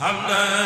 hamdan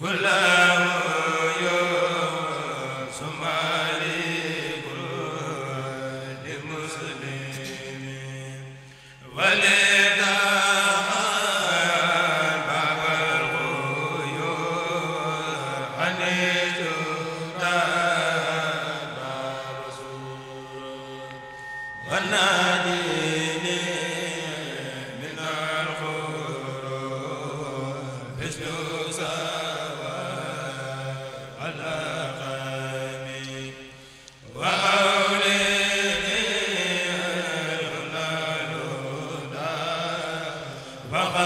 kullu ba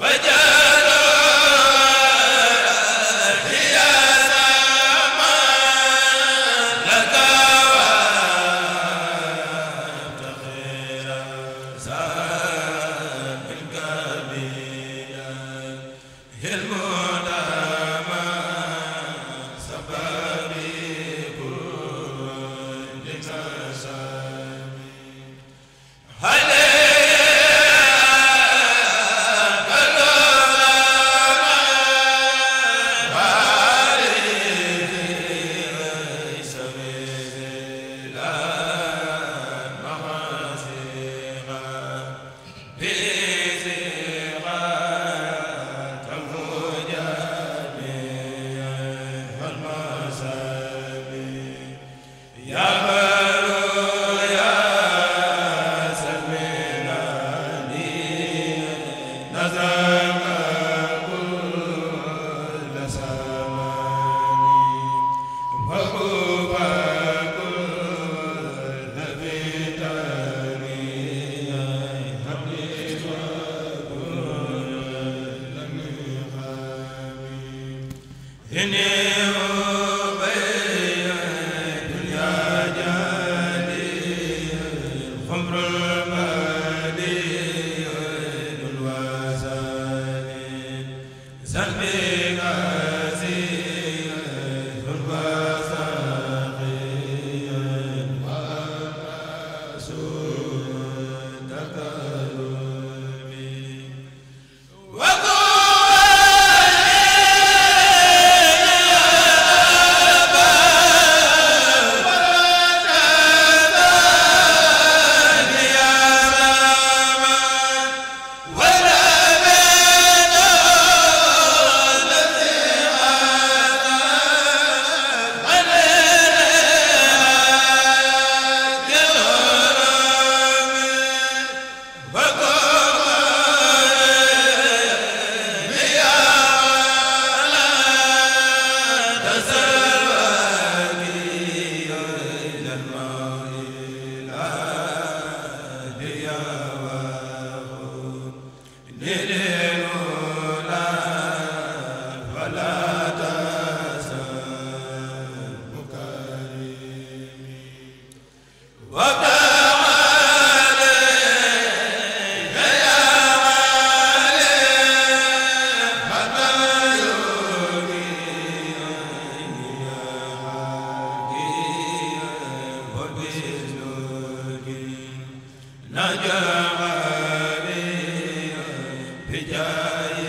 wa Salve yaa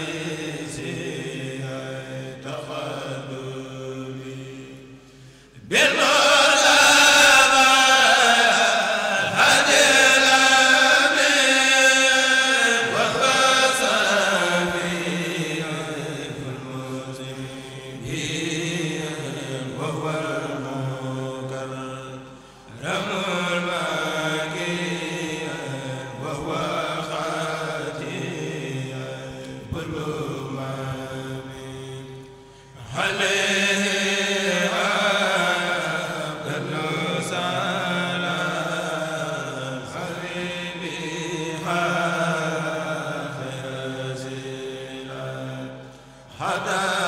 hada